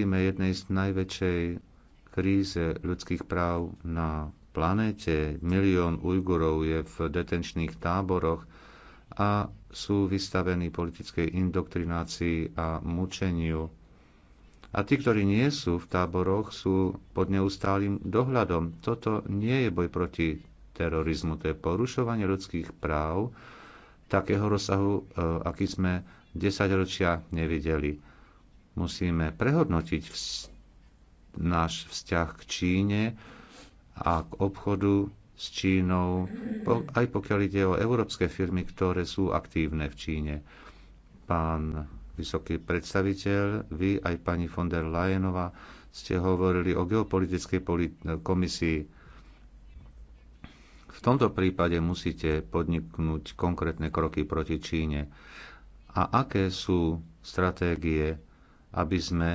čelíme jednej z najväčšej kríze ľudských práv na planéte. Milión Ujgurov je v detenčných táboroch a sú vystavení politickej indoktrinácii a mučeniu. A tí, ktorí nie sú v táboroch, sú pod neustálým dohľadom. Toto nie je boj proti terorizmu, to je porušovanie ľudských práv takého rozsahu, e, aký sme desaťročia nevideli. Musíme prehodnotiť vz... náš vzťah k Číne a k obchodu s Čínou, aj pokiaľ ide o európske firmy, ktoré sú aktívne v Číne. Pán vysoký predstaviteľ, vy aj pani von der Leyenová ste hovorili o geopolitickej komisii. V tomto prípade musíte podniknúť konkrétne kroky proti Číne. A aké sú stratégie aby sme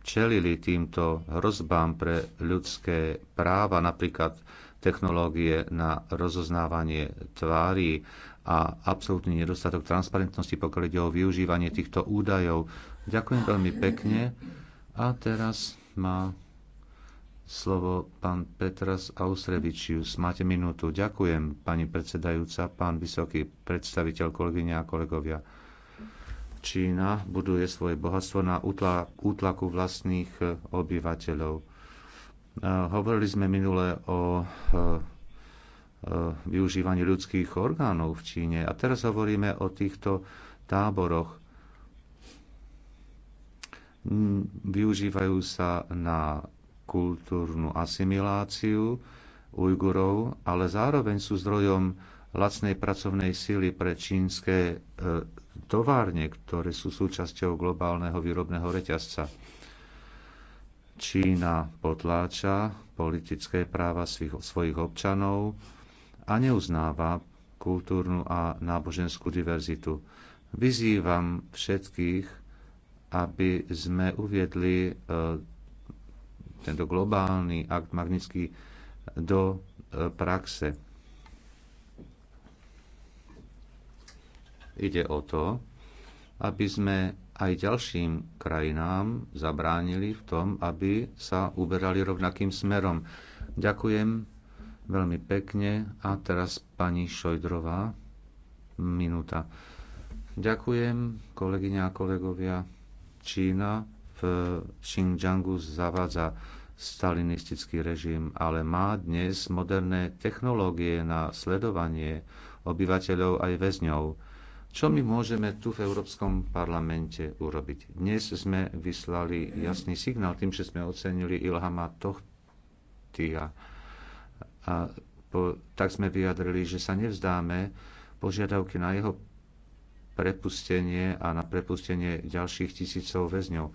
čelili týmto hrozbám pre ľudské práva, napríklad technológie na rozoznávanie tvári a absolútny nedostatok transparentnosti, pokiaľ ide o využívanie týchto údajov. Ďakujem veľmi pekne. A teraz má slovo pán Petras Ausrevičius. Máte minútu. Ďakujem, pani predsedajúca, pán vysoký predstaviteľ, kolegyňa a kolegovia. Čína buduje svoje bohatstvo na útlaku vlastných e, obyvateľov. E, hovorili sme minule o e, využívaní ľudských orgánov v Číne a teraz hovoríme o týchto táboroch. Využívajú sa na kultúrnu asimiláciu Ujgurov, ale zároveň sú zdrojom lacnej pracovnej síly pre čínske e, továrne, ktoré sú súčasťou globálneho výrobného reťazca. Čína potláča politické práva svých, svojich občanov a neuznáva kultúrnu a náboženskú diverzitu. Vyzývam všetkých, aby sme uviedli e, tento globálny akt magnický do e, praxe Ide o to, aby sme aj ďalším krajinám zabránili v tom, aby sa uberali rovnakým smerom. Ďakujem veľmi pekne. A teraz pani Šojdrová. Minúta. Ďakujem, kolegyňa a kolegovia. Čína v Xinjiangu zavádza stalinistický režim, ale má dnes moderné technológie na sledovanie obyvateľov aj väzňov čo my môžeme tu v Európskom parlamente urobiť? Dnes sme vyslali jasný signál tým, že sme ocenili Ilhama Tohtia. A po, tak sme vyjadrili, že sa nevzdáme požiadavky na jeho prepustenie a na prepustenie ďalších tisícov väzňov.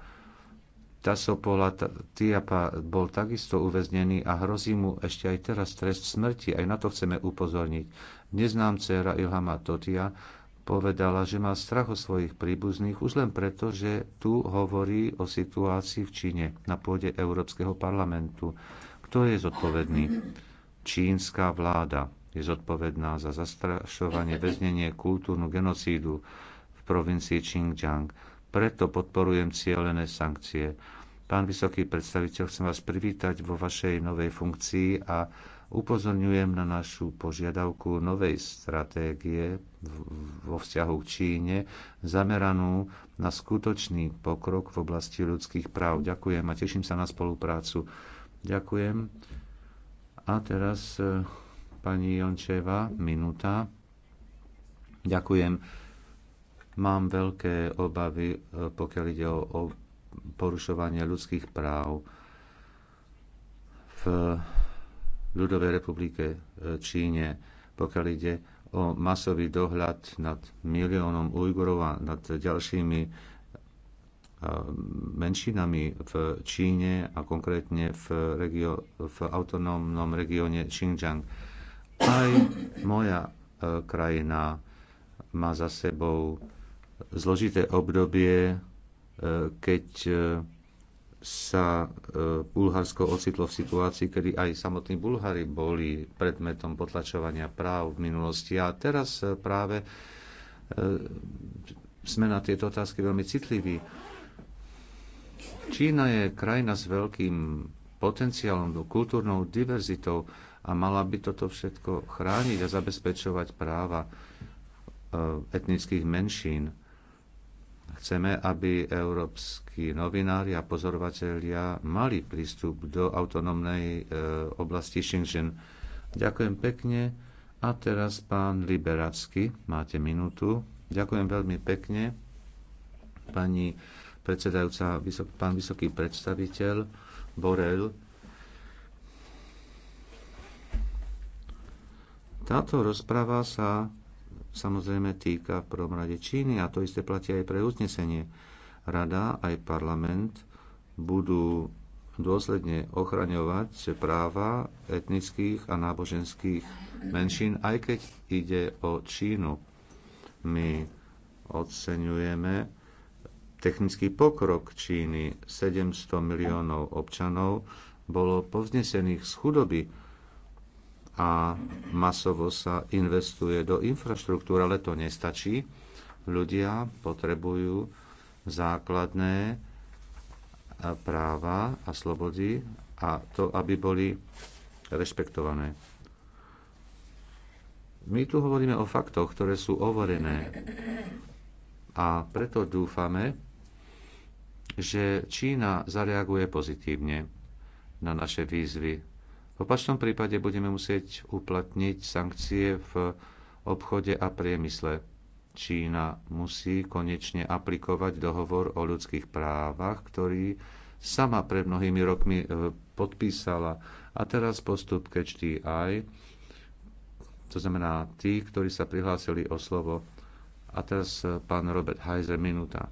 Tasopola Tiapa bol takisto uväznený a hrozí mu ešte aj teraz trest smrti. Aj na to chceme upozorniť. Neznám dcera Ilhama Totia povedala, že má strach o svojich príbuzných už len preto, že tu hovorí o situácii v Číne na pôde Európskeho parlamentu. Kto je zodpovedný? Čínska vláda je zodpovedná za zastrašovanie, väznenie, kultúrnu genocídu v provincii Xinjiang. Preto podporujem cieľené sankcie. Pán vysoký predstaviteľ, chcem vás privítať vo vašej novej funkcii a Upozorňujem na našu požiadavku novej stratégie vo vzťahu k Číne, zameranú na skutočný pokrok v oblasti ľudských práv. Ďakujem a teším sa na spoluprácu. Ďakujem. A teraz e, pani Jončeva, minúta. Ďakujem. Mám veľké obavy, e, pokiaľ ide o porušovanie ľudských práv v ľudovej republike e, Číne, pokiaľ ide o masový dohľad nad miliónom Ujgurov a nad ďalšími e, menšinami v Číne a konkrétne v, regio- v autonómnom regióne Xinjiang. Aj moja e, krajina má za sebou zložité obdobie, keď sa e, Bulharsko ocitlo v situácii, kedy aj samotní Bulhári boli predmetom potlačovania práv v minulosti. A teraz e, práve e, sme na tieto otázky veľmi citliví. Čína je krajina s veľkým potenciálom, kultúrnou diverzitou a mala by toto všetko chrániť a zabezpečovať práva etnických menšín Chceme, aby európsky novinári a pozorovatelia mali prístup do autonómnej e, oblasti Xinjiang. Ďakujem pekne. A teraz pán Liberacký, máte minútu. Ďakujem veľmi pekne, pani predsedajúca, vysok, pán vysoký predstaviteľ Borel. Táto rozprava sa samozrejme týka v prvom rade Číny a to isté platí aj pre uznesenie. Rada aj parlament budú dôsledne ochraňovať práva etnických a náboženských menšín, aj keď ide o Čínu. My oceňujeme technický pokrok Číny. 700 miliónov občanov bolo povznesených z chudoby a masovo sa investuje do infraštruktúry, ale to nestačí. Ľudia potrebujú základné práva a slobody a to, aby boli rešpektované. My tu hovoríme o faktoch, ktoré sú overené. A preto dúfame, že Čína zareaguje pozitívne na naše výzvy v opačnom prípade budeme musieť uplatniť sankcie v obchode a priemysle. Čína musí konečne aplikovať dohovor o ľudských právach, ktorý sama pred mnohými rokmi e, podpísala. A teraz postup k HDI, to znamená tí, ktorí sa prihlásili o slovo. A teraz e, pán Robert Heiser, minúta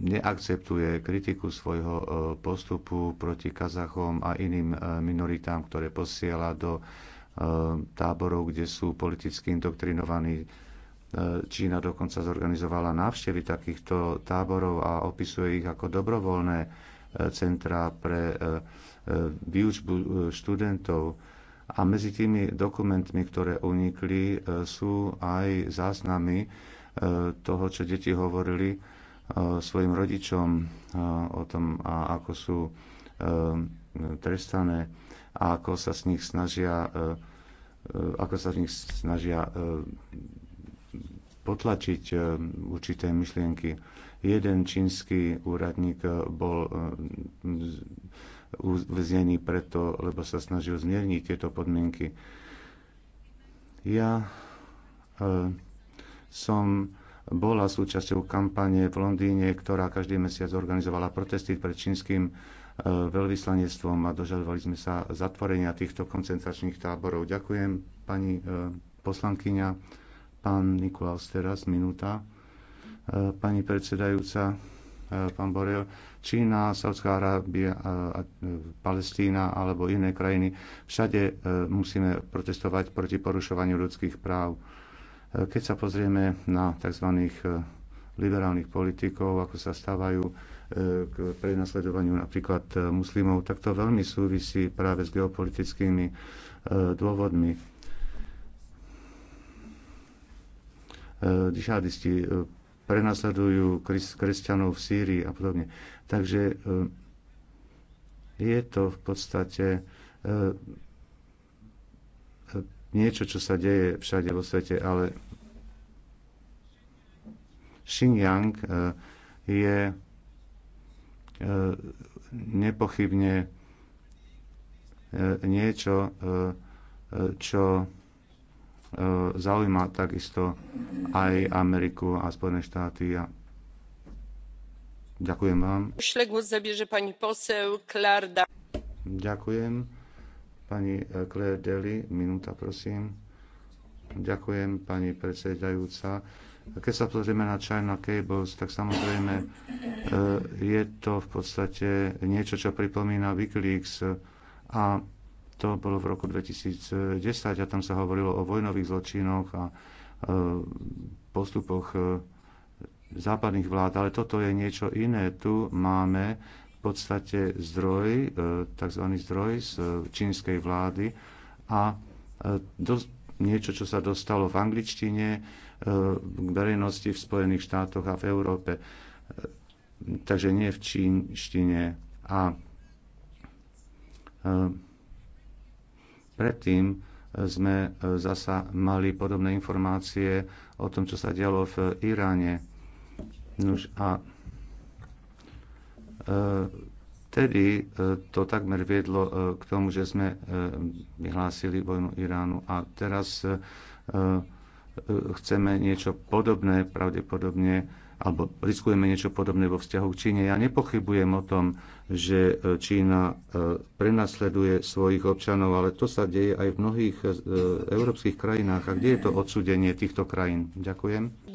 neakceptuje kritiku svojho e, postupu proti Kazachom a iným e, minoritám, ktoré posiela do e, táborov, kde sú politicky indoktrinovaní. Čína dokonca zorganizovala návštevy takýchto táborov a opisuje ich ako dobrovoľné centra pre výučbu študentov. A medzi tými dokumentmi, ktoré unikli, sú aj záznamy toho, čo deti hovorili Eh, svojim rodičom eh, o tom, ako sú eh, trestané a ako sa z nich snažia ako sa z nich snažia potlačiť určité myšlienky. Jeden čínsky úradník bol uväznený preto, lebo sa snažil zmierniť tieto podmienky. Ja som bola súčasťou kampane v Londýne, ktorá každý mesiac organizovala protesty pred čínskym e, veľvyslanectvom a dožadovali sme sa zatvorenia týchto koncentračných táborov. Ďakujem pani e, poslankyňa. Pán Nikolás teraz, minúta. E, pani predsedajúca, pán Borel, Čína, Saudská Arábia, Palestína alebo iné krajiny. Všade musíme protestovať proti porušovaniu ľudských práv keď sa pozrieme na tzv. liberálnych politikov, ako sa stávajú e, k prenasledovaniu napríklad e, muslimov, tak to veľmi súvisí práve s geopolitickými e, dôvodmi. Dišadisti prenasledujú kresťanov v Sýrii a podobne. Takže je to v podstate niečo, čo sa deje všade vo svete, ale Xinjiang e, je e, nepochybne e, niečo, čo zaujíma takisto aj Ameriku a Spojené štáty. ďakujem vám. Ďakujem. Pani eh, Claire Daly, minúta prosím. Ďakujem, pani predsedajúca. Keď sa pozrieme na China Cables, tak samozrejme eh, je to v podstate niečo, čo pripomína Wikileaks a to bolo v roku 2010 a tam sa hovorilo o vojnových zločinoch a eh, postupoch západných vlád, ale toto je niečo iné. Tu máme podstate zdroj, e, tzv. zdroj z e, čínskej vlády a e, dosť, niečo, čo sa dostalo v angličtine, k verejnosti v Spojených štátoch a v Európe. Takže nie v čínštine. A predtým sme zasa mali podobné informácie o tom, čo sa dialo v Iráne. Nož, a E, tedy e, to takmer viedlo e, k tomu, že sme vyhlásili vojnu Iránu a teraz chceme niečo podobné, pravdepodobne, alebo riskujeme niečo podobné vo vzťahu k Číne. Ja nepochybujem o tom, že Čína prenasleduje svojich občanov, ale to sa deje aj v mnohých európskych krajinách. A kde je to odsudenie týchto krajín? Ďakujem.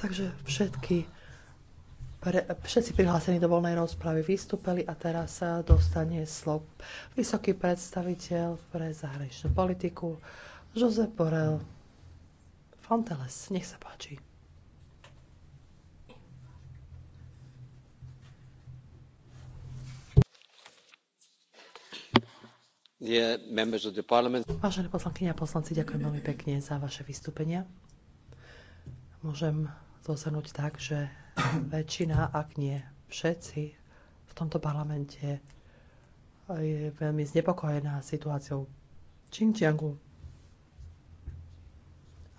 Takže všetky pre, všetci prihlásení do voľnej rozpravy vystúpili a teraz sa dostane slov vysoký predstaviteľ pre zahraničnú politiku Josep Borel Fonteles. Nech sa páči. Vážené poslankyne a poslanci, ďakujem veľmi pekne za vaše vystúpenia. Môžem zhrnúť tak, že väčšina, ak nie všetci v tomto parlamente je veľmi znepokojená situáciou Xinjiangu.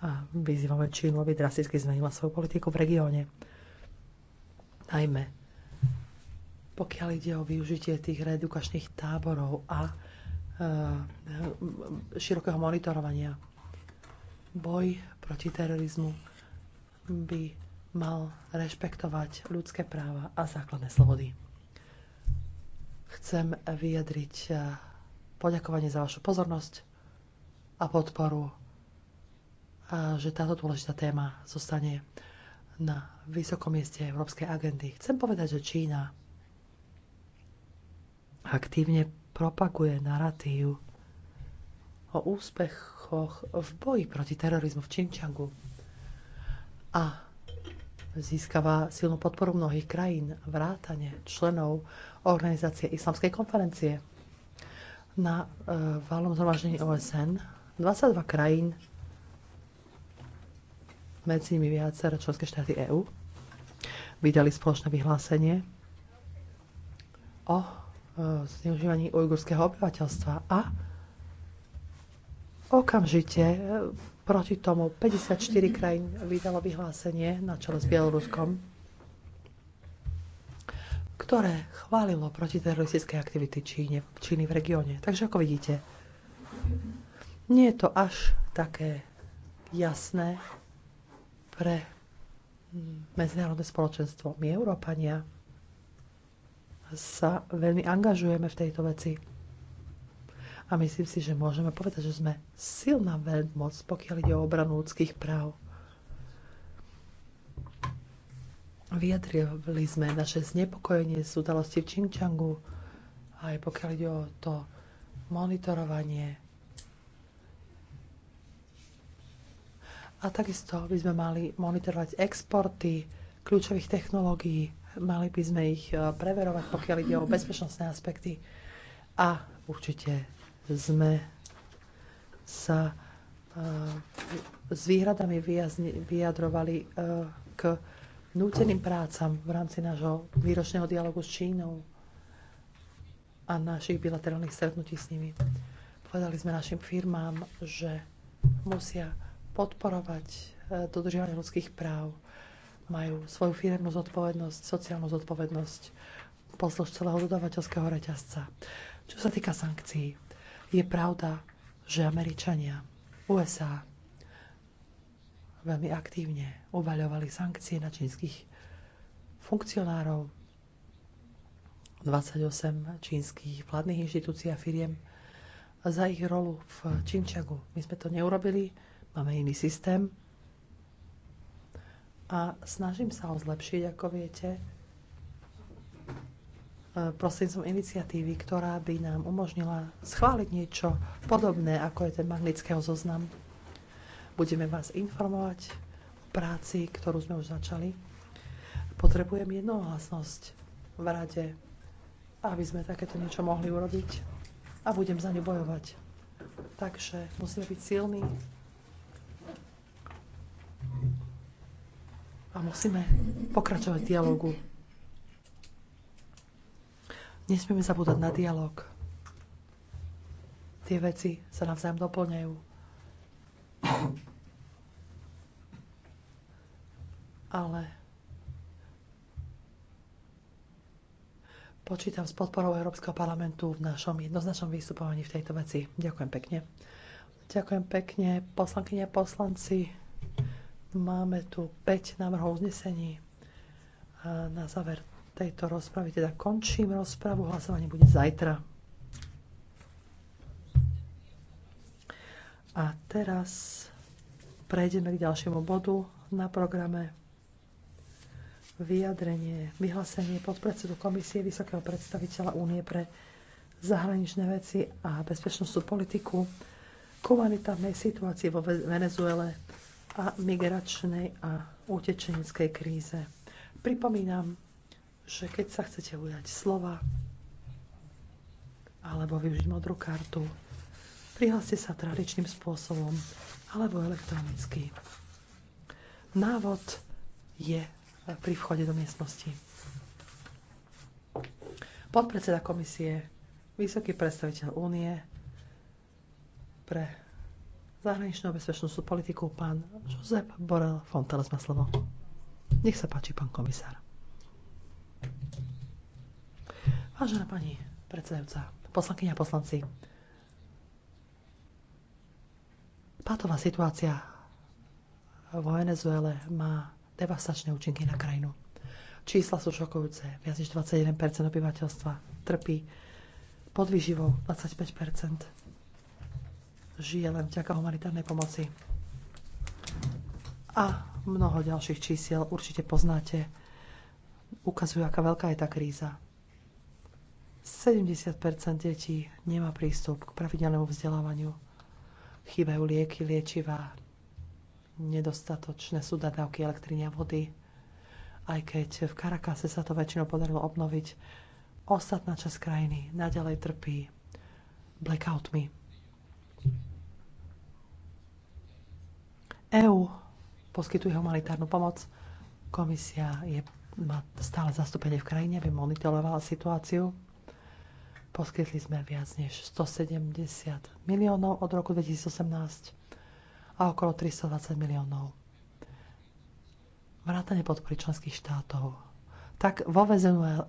A vyzývame Čínu, aby drasticky zmenila svoju politiku v regióne. Najmä pokiaľ ide o využitie tých reedukačných táborov a e, širokého monitorovania. Boj proti terorizmu by mal rešpektovať ľudské práva a základné slobody. Chcem vyjadriť eh, poďakovanie za vašu pozornosť a podporu, a eh, že táto dôležitá téma zostane na vysokom mieste európskej agendy. Chcem povedať, že Čína aktívne propaguje narratív o úspechoch v boji proti terorizmu v Činčangu a získava silnú podporu mnohých krajín, vrátane členov Organizácie Islamskej konferencie. Na e, valnom zhromaždení OSN 22 krajín, medzi nimi viaceré členské štáty EÚ, vydali spoločné vyhlásenie o e, zneužívaní ujgurského obyvateľstva a okamžite e, Proti tomu 54 krajín vydalo vyhlásenie na čele s Bieloruskom, ktoré chválilo protiteroristické aktivity Číne, Číny v regióne. Takže ako vidíte, nie je to až také jasné pre medzinárodné spoločenstvo. My, Európania, sa veľmi angažujeme v tejto veci a myslím si, že môžeme povedať, že sme silná veľmoc, pokiaľ ide o obranu ľudských práv. Vyjadrili sme naše znepokojenie z udalosti v Čingčangu, aj pokiaľ ide o to monitorovanie. A takisto by sme mali monitorovať exporty kľúčových technológií, mali by sme ich eh, preverovať, pokiaľ ide o bezpečnostné aspekty. A určite sme sa eh, s výhradami vyjadrovali eh, k núteným prácam v rámci nášho výročného dialogu s Čínou a našich bilaterálnych stretnutí s nimi. Povedali sme našim firmám, že musia podporovať eh, dodržiavanie ľudských práv, majú svoju firmnú zodpovednosť, sociálnu zodpovednosť, pozdĺž celého dodávateľského reťazca. Čo sa týka sankcií, je pravda, že Američania, USA veľmi aktívne uvaľovali sankcie na čínskych funkcionárov. 28 čínskych vládnych inštitúcií a firiem za ich rolu v Činčagu. My sme to neurobili, máme iný systém a snažím sa ho zlepšiť, ako viete prostredníctvom iniciatívy, ktorá by nám umožnila schváliť niečo podobné, ako je ten magnického zoznam. Budeme vás informovať o práci, ktorú sme už začali. Potrebujem jednohlasnosť v rade, aby sme takéto niečo mohli urobiť a budem za ňu bojovať. Takže musíme byť silní a musíme pokračovať v dialogu Nesmieme zabúdať na dialog. Tie veci sa navzájom doplňajú. Ale počítam s podporou Európskeho parlamentu v našom jednoznačnom vystupovaní v tejto veci. Ďakujem pekne. Ďakujem pekne, poslankyne a poslanci. Máme tu 5 návrhov uznesení. A na záver tejto rozpravy. Teda končím rozpravu. Hlasovanie bude zajtra. A teraz prejdeme k ďalšiemu bodu na programe vyjadrenie, vyhlásenie podpredsedu Komisie Vysokého predstaviteľa Únie pre zahraničné veci a bezpečnostnú politiku k humanitárnej situácii vo Venezuele a migračnej a utečeneckej kríze. Pripomínam, že keď sa chcete ujať slova alebo využiť modrú kartu, prihláste sa tradičným spôsobom alebo elektronicky. Návod je pri vchode do miestnosti. Podpredseda komisie, vysoký predstaviteľ únie pre zahraničnú bezpečnostnú politiku, pán Josep Borel Fonteles má slovo. Nech sa páči, pán komisár. Vážená pani predsedajúca, poslankyňa a poslanci, pátová situácia vo Venezuele má devastačné účinky na krajinu. Čísla sú šokujúce. Viac než 21 obyvateľstva trpí pod výživou 25 žije len vďaka humanitárnej pomoci. A mnoho ďalších čísiel určite poznáte. Ukazujú, aká veľká je tá kríza 70 detí nemá prístup k pravidelnému vzdelávaniu. Chýbajú lieky, liečivá, nedostatočné sú dodávky elektriny a vody. Aj keď v Karakase sa to väčšinou podarilo obnoviť, ostatná časť krajiny naďalej trpí blackoutmi. EÚ poskytuje humanitárnu pomoc. Komisia je, má stále zastúpenie v krajine, aby monitorovala situáciu Poskytli sme viac než 170 miliónov od roku 2018 a okolo 320 miliónov. Vrátane podpory členských štátov, tak vo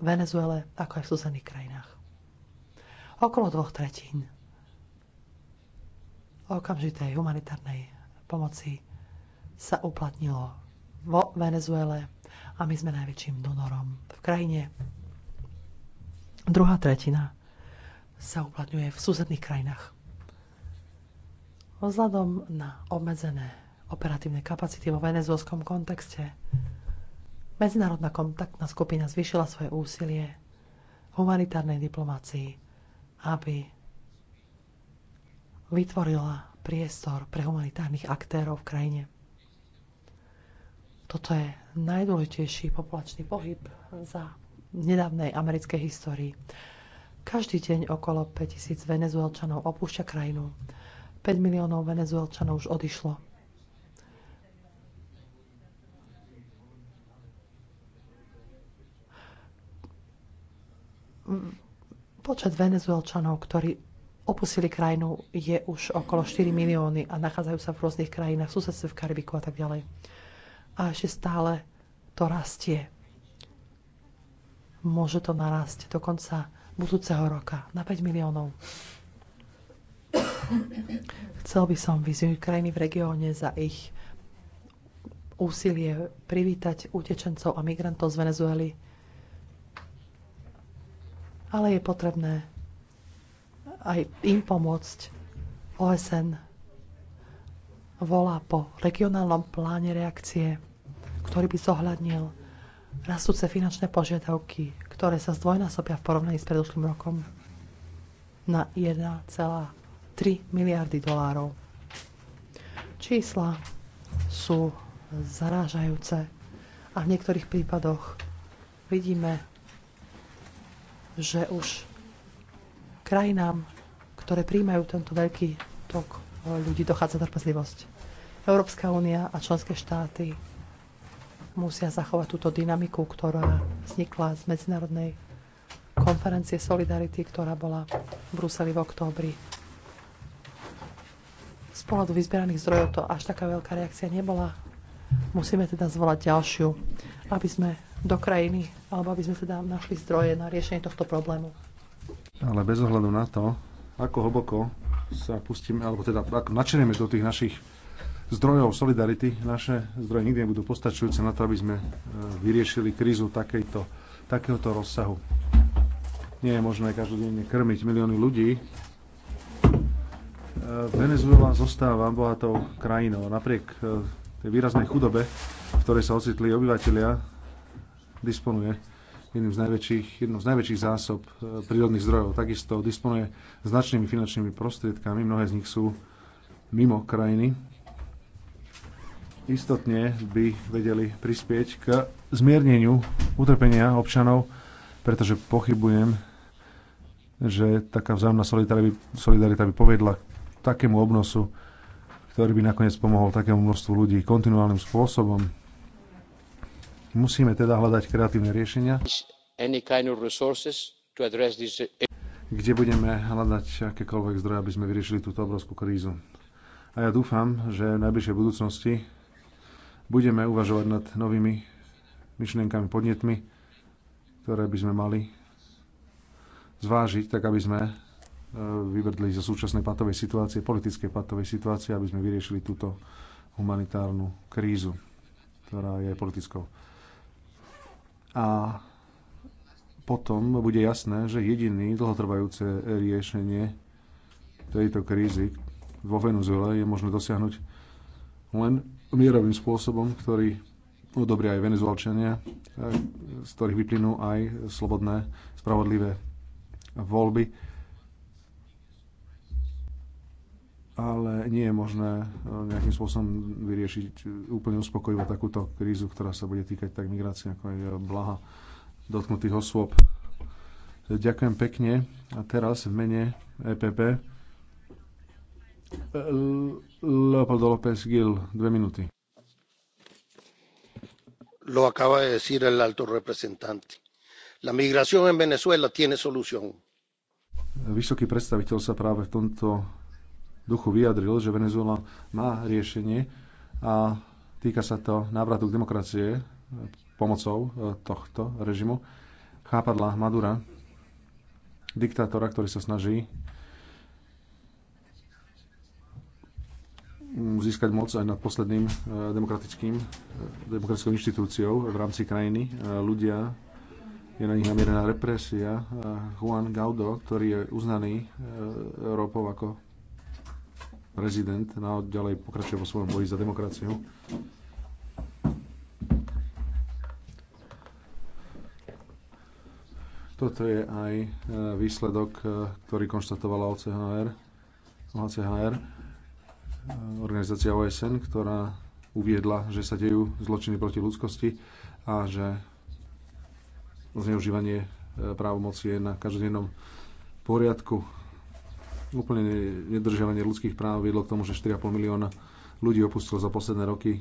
Venezuele, ako aj v susedných krajinách. Okolo dvoch tretín okamžitej humanitárnej pomoci sa uplatnilo vo Venezuele a my sme najväčším donorom v krajine. Druhá tretina sa uplatňuje v susedných krajinách. Vzhľadom na obmedzené operatívne kapacity vo venezuelskom kontexte, medzinárodná kontaktná skupina zvyšila svoje úsilie v humanitárnej diplomácii, aby vytvorila priestor pre humanitárnych aktérov v krajine. Toto je najdôležitejší populačný pohyb za nedávnej americkej histórii. Každý deň okolo 5000 venezuelčanov opúšťa krajinu. 5 miliónov venezuelčanov už odišlo. Počet venezuelčanov, ktorí opustili krajinu, je už okolo 4 milióny a nachádzajú sa v rôznych krajinách, v susedstve, v Karibiku a tak ďalej. A ešte stále to rastie. Môže to narásť dokonca budúceho roka na 5 miliónov. Chcel by som vyzvihnúť krajiny v regióne za ich úsilie privítať utečencov a migrantov z Venezuely. Ale je potrebné aj im pomôcť. OSN volá po regionálnom pláne reakcie, ktorý by zohľadnil rastúce finančné požiadavky ktoré sa zdvojnásobia v porovnaní s predošlým rokom na 1,3 miliardy dolárov. Čísla sú zarážajúce a v niektorých prípadoch vidíme, že už krajinám, ktoré príjmajú tento veľký tok e, ľudí, dochádza trpezlivosť. Európska únia a členské štáty musia zachovať túto dynamiku, ktorá vznikla z medzinárodnej konferencie Solidarity, ktorá bola v Bruseli v októbri. Z pohľadu vyzbieraných zdrojov to až taká veľká reakcia nebola. Musíme teda zvolať ďalšiu, aby sme do krajiny, alebo aby sme teda našli zdroje na riešenie tohto problému. Ale bez ohľadu na to, ako hlboko sa pustíme, alebo teda ako načeneme do tých našich zdrojov solidarity. Naše zdroje nikdy nebudú postačujúce na to, aby sme e, vyriešili krízu takejto, takéhoto rozsahu. Nie je možné každodenne krmiť milióny ľudí. E, Venezuela zostáva bohatou krajinou. Napriek e, tej výraznej chudobe, v ktorej sa ocitli obyvateľia, disponuje jedným z najväčších, jednou z najväčších zásob prírodných zdrojov. Takisto disponuje značnými finančnými prostriedkami, mnohé z nich sú mimo krajiny istotne by vedeli prispieť k zmierneniu utrpenia občanov, pretože pochybujem, že taká vzájomná solidarita by, solidarita by povedla k takému obnosu, ktorý by nakoniec pomohol takému množstvu ľudí kontinuálnym spôsobom. Musíme teda hľadať kreatívne riešenia, kde budeme hľadať akékoľvek zdroje, aby sme vyriešili túto obrovskú krízu. A ja dúfam, že v najbližšej budúcnosti budeme uvažovať nad novými myšlienkami, podnetmi, ktoré by sme mali zvážiť, tak aby sme e, vybrdli zo súčasnej patovej situácie, politickej patovej situácie, aby sme vyriešili túto humanitárnu krízu, ktorá je politickou. A potom bude jasné, že jediný dlhotrvajúce riešenie tejto krízy vo Venezuele je možné dosiahnuť len mierovým spôsobom, ktorý odobria aj venezuelčania, eh, z ktorých vyplynú aj slobodné, spravodlivé voľby. Ale nie je možné eh, nejakým spôsobom vyriešiť eh, úplne uspokojivo takúto krízu, ktorá sa bude týkať tak migrácie, ako aj blaha dotknutých osôb. Ďakujem pekne. A teraz v mene EPP Leopoldo López Gil, dos minutos. Lo acaba de decir el alto representante. La migración en Venezuela tiene solución. Vysoký predstaviteľ sa práve v tomto duchu vyjadril, že Venezuela má riešenie a týka sa to návratu k demokracie e, pomocou e, tohto režimu. Chápadla Madura, diktátora, ktorý sa snaží získať moc aj nad posledným eh, demokratickým, eh, demokratickou inštitúciou v rámci krajiny. Eh, ľudia, je na nich namierená represia. Juan Gaudo, ktorý je uznaný Európou ako prezident, no ďalej pokračuje vo svojom boji za demokraciu. Toto je aj výsledok, ktorý konštatovala OCHR. OCHR organizácia OSN, ktorá uviedla, že sa dejú zločiny proti ľudskosti a že zneužívanie e, právomoci je na každodennom poriadku. Úplne nedržiavanie ľudských práv viedlo k tomu, že 4,5 milióna ľudí opustilo za posledné roky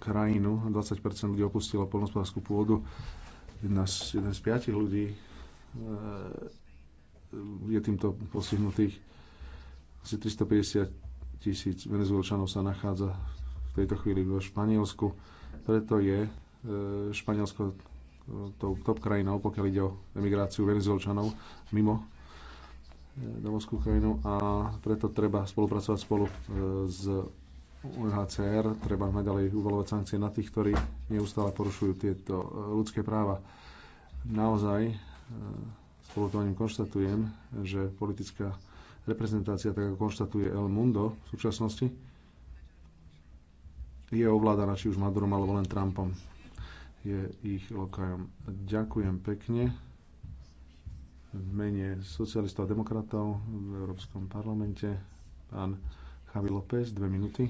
krajinu, 20 ľudí opustilo polnospodárskú pôdu, jedna z, jeden z piatich ľudí e, je týmto postihnutých asi 350 tisíc venezuelčanov sa nachádza v tejto chvíli vo Španielsku. Preto je e, Španielsko e, tou top krajinou, pokiaľ ide o emigráciu venezuelčanov mimo e, domovskú krajinu a preto treba spolupracovať spolu s UNHCR, treba naďalej uvalovať sankcie na tých, ktorí neustále porušujú tieto ľudské práva. Naozaj spolutovaním konštatujem, že politická reprezentácia, tak ako konštatuje El Mundo v súčasnosti, je ovládaná či už Madurom alebo len Trumpom. Je ich lokajom. Ďakujem pekne v mene socialistov a demokratov v Európskom parlamente pán Javi López, dve minúty.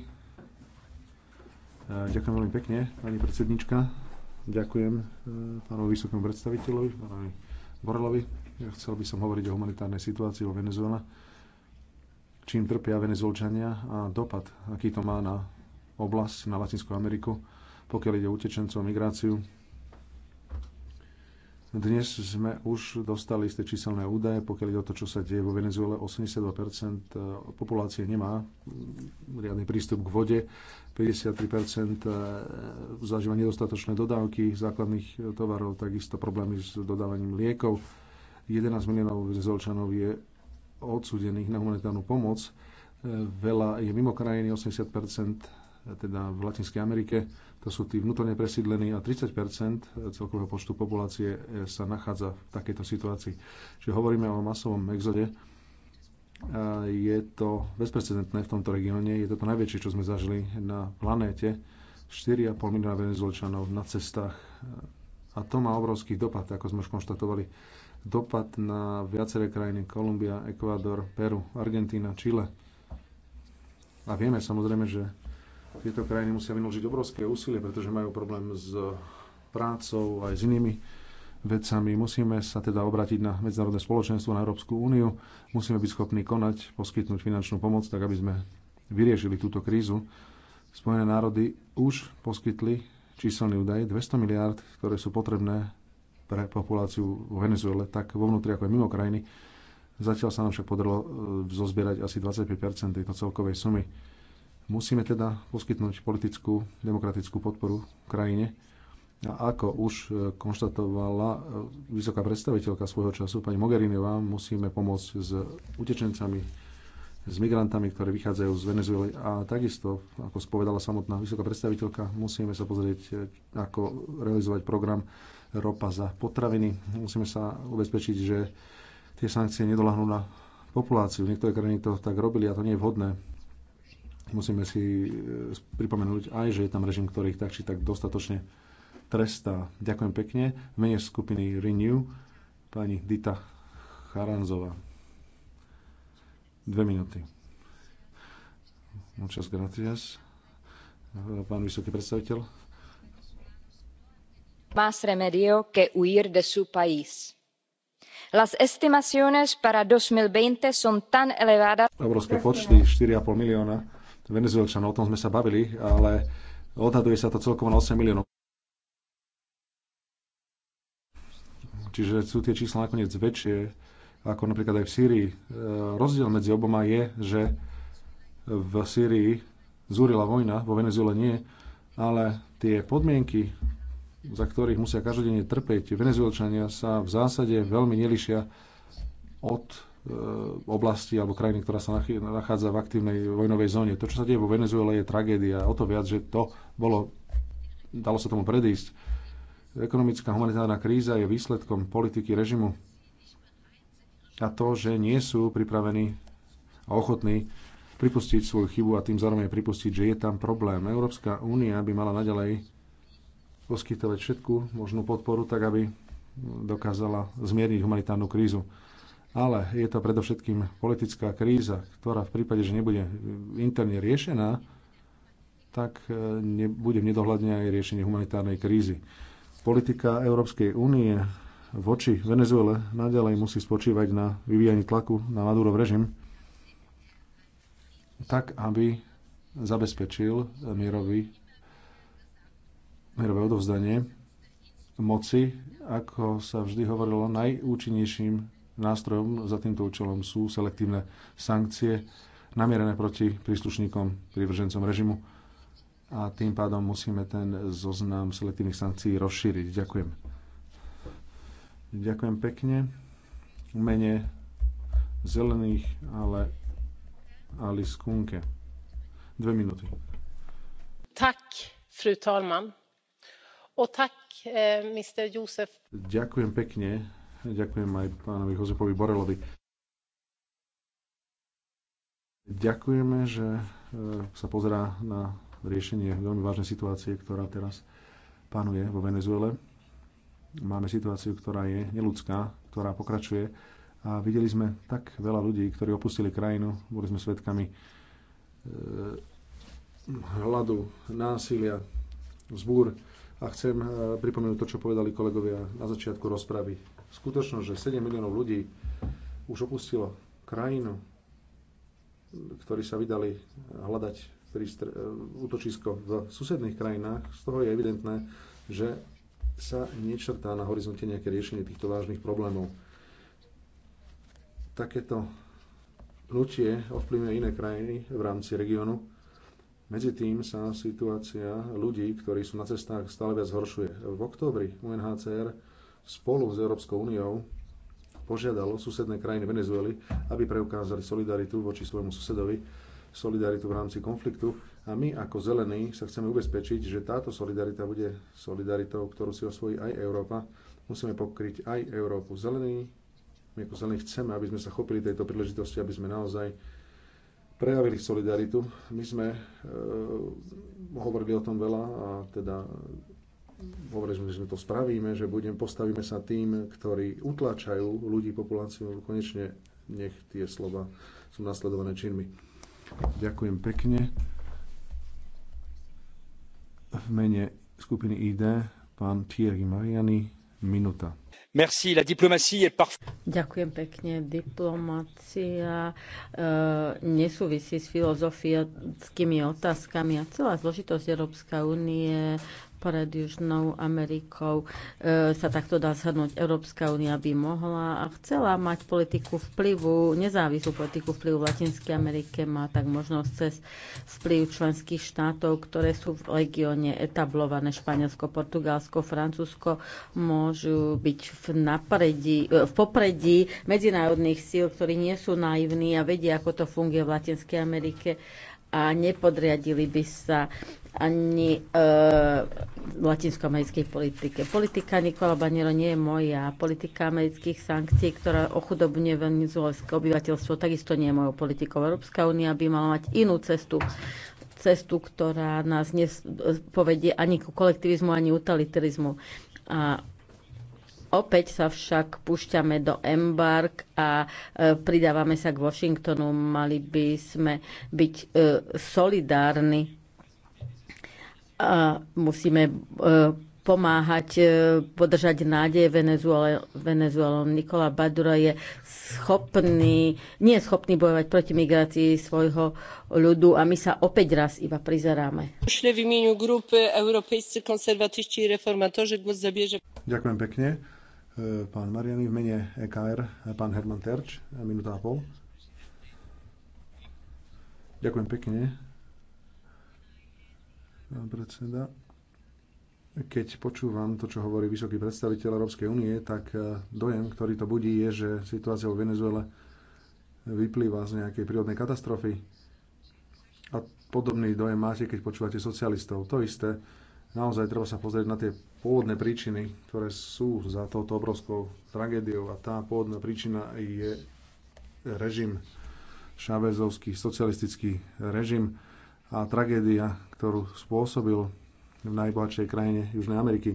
E, ďakujem veľmi pekne, pani predsednička. Ďakujem e, pánovi vysokému predstaviteľovi, pánovi Borelovi. Ja chcel by som hovoriť o humanitárnej situácii vo Venezuela čím trpia Venezuelčania a dopad, aký to má na oblasť, na Latinskú Ameriku, pokiaľ ide o utečencov, migráciu. Dnes sme už dostali isté číselné údaje, pokiaľ ide o to, čo sa deje vo Venezuele. 82% populácie nemá riadny prístup k vode, 53% e, zažíva nedostatočné dodávky základných tovarov, takisto problémy s dodávaním liekov. 11 miliónov Venezuelčanov je odsúdených na humanitárnu pomoc. E, veľa je mimo krajiny, 80 e, teda v Latinskej Amerike, to sú tí vnútorne presídlení a 30 e, celkového počtu populácie sa nachádza v takejto situácii. Čiže hovoríme o masovom exode. A je to bezprecedentné v tomto regióne, je to to najväčšie, čo sme zažili na planéte. 4,5 milióna venezuelčanov na cestách. A to má obrovský dopad, ako sme už konštatovali dopad na viaceré krajiny, Kolumbia, Ekvádor, Peru, Argentína, Čile. A vieme samozrejme, že tieto krajiny musia vynúžiť obrovské úsilie, pretože majú problém s prácou aj s inými vecami. Musíme sa teda obrátiť na medzinárodné spoločenstvo, na Európsku úniu. Musíme byť schopní konať, poskytnúť finančnú pomoc, tak aby sme vyriešili túto krízu. Spojené národy už poskytli číselný údaj 200 miliárd, ktoré sú potrebné pre populáciu v Venezuele, tak vo vnútri ako aj mimo krajiny. Zatiaľ sa nám však podarilo e, zozbierať asi 25 tejto celkovej sumy. Musíme teda poskytnúť politickú, demokratickú podporu krajine. A ako už e, konštatovala e, vysoká predstaviteľka svojho času, pani Mogherinová, musíme pomôcť s utečencami, s migrantami, ktorí vychádzajú z Venezuely. A takisto, ako spovedala samotná vysoká predstaviteľka, musíme sa pozrieť, ako realizovať program ropa za potraviny. Musíme sa ubezpečiť, že tie sankcie nedolahnú na populáciu. Niektoré krajiny to tak robili a to nie je vhodné. Musíme si e, pripomenúť aj, že je tam režim, ktorý tak či tak dostatočne trestá. Ďakujem pekne. Menej skupiny Renew pani Dita Charanzová. Dve minúty. Muchas gracias. Pán vysoký predstaviteľ. Más remedio que huir de su país. Las estimaciones para 2020 son tan elevadas... Obrovské počty, 4,5 milióna venezuelčanov, o tom sme sa bavili, ale odhaduje sa to celkom na 8 miliónov. Čiže sú tie čísla nakoniec väčšie, ako napríklad aj v Sýrii. E, rozdiel medzi oboma je, že v Sýrii zúrila vojna, vo Venezuele nie, ale tie podmienky, za ktorých musia každodenne trpieť venezuelčania, sa v zásade veľmi nelišia od e, oblasti alebo krajiny, ktorá sa nachádza v aktívnej vojnovej zóne. To, čo sa deje vo Venezuele, je tragédia. O to viac, že to bolo, dalo sa tomu predísť. Ekonomická humanitárna kríza je výsledkom politiky režimu a to, že nie sú pripravení a ochotní pripustiť svoju chybu a tým zároveň pripustiť, že je tam problém. Európska únia by mala naďalej poskytovať všetku možnú podporu, tak aby dokázala zmierniť humanitárnu krízu. Ale je to predovšetkým politická kríza, ktorá v prípade, že nebude interne riešená, tak e, nebude v nedohľadne aj riešenie humanitárnej krízy. Politika Európskej únie voči Venezuele naďalej musí spočívať na vyvíjaní tlaku na Madurov režim, tak aby zabezpečil mierový, mierové odovzdanie moci, ako sa vždy hovorilo, najúčinnejším nástrojom za týmto účelom sú selektívne sankcie namierené proti príslušníkom, prívržencom režimu a tým pádom musíme ten zoznam selektívnych sankcií rozšíriť. Ďakujem. Ďakujem pekne. V mene zelených, ale Alice skunke. Dve minúty. Tak, fru talman. O tak, eh, Mr. Josef. Ďakujem pekne. Ďakujem aj pánovi Josefovi Borelovi. Ďakujeme, že eh, sa pozerá na riešenie veľmi vážnej situácie, ktorá teraz panuje vo Venezuele Máme situáciu, ktorá je neludská, ktorá pokračuje a videli sme tak veľa ľudí, ktorí opustili krajinu, boli sme svedkami e, hladu, násilia, zbúr. A chcem e, pripomenúť to, čo povedali kolegovia na začiatku rozpravy. Skutočnosť, že 7 miliónov ľudí už opustilo krajinu, ktorí sa vydali hľadať e, útočisko v susedných krajinách, z toho je evidentné, že sa nečrtá na horizonte nejaké riešenie týchto vážnych problémov. Takéto hnutie ovplyvňuje iné krajiny v rámci regiónu. Medzi tým sa situácia ľudí, ktorí sú na cestách, stále viac zhoršuje. V októbri UNHCR spolu s Európskou úniou požiadalo susedné krajiny Venezuely, aby preukázali solidaritu voči svojmu susedovi, solidaritu v rámci konfliktu, a my ako zelení sa chceme ubezpečiť, že táto solidarita bude solidaritou, ktorú si osvojí aj Európa. Musíme pokryť aj Európu. Zelení, my ako zelení chceme, aby sme sa chopili tejto príležitosti, aby sme naozaj prejavili solidaritu. My sme e, hovorili o tom veľa a teda hovorili sme, že to spravíme, že budem, postavíme sa tým, ktorí utláčajú ľudí, populáciu. Konečne nech tie slova sú nasledované činmi. Ďakujem pekne v mene skupiny ID pán Thierry Mariani, Minuta. Merci, la diplomatie est parf... Ďakujem pekne. Diplomácia e, eh, nesúvisí s filozofickými otázkami a celá zložitosť Európska únie pred Južnou Amerikou e, sa takto dá zhrnúť. Európska únia by mohla a chcela mať politiku vplyvu, nezávislú politiku vplyvu v Latinskej Amerike, má tak možnosť cez vplyv členských štátov, ktoré sú v regióne etablované, Španielsko, Portugalsko, Francúzsko, môžu byť v, napredí, e, v popredí medzinárodných síl, ktorí nie sú naivní a vedia, ako to funguje v Latinskej Amerike a nepodriadili by sa ani e, latinskoamerickej politike. Politika Nikola Banero nie je moja. Politika amerických sankcií, ktorá ochudobňuje venezuelské obyvateľstvo, takisto nie je mojou politikou. Európska únia by mala mať inú cestu cestu, ktorá nás nepovedie ani ku kolektivizmu, ani utilitarizmu. A Opäť sa však púšťame do embark a e, pridávame sa k Washingtonu. Mali by sme byť e, solidárni a musíme e, pomáhať podržať nádej Venezuele, Venezuelom. Nikola Badura je schopný, nie je schopný bojovať proti migrácii svojho ľudu a my sa opäť raz iba prizeráme. Ďakujem pekne. E, pán Mariany v mene EKR e, pán Herman Terč, e, minúta a pol. Ďakujem pekne. Pán predseda, keď počúvam to, čo hovorí vysoký predstaviteľ Európskej únie, tak dojem, ktorý to budí, je, že situácia vo Venezuele vyplýva z nejakej prírodnej katastrofy. A podobný dojem máte, keď počúvate socialistov. To isté. Naozaj treba sa pozrieť na tie pôvodné príčiny, ktoré sú za touto obrovskou tragédiou a tá pôvodná príčina je režim, šavezovský socialistický režim a tragédia, ktorú spôsobil v najbohatšej krajine Južnej Ameriky.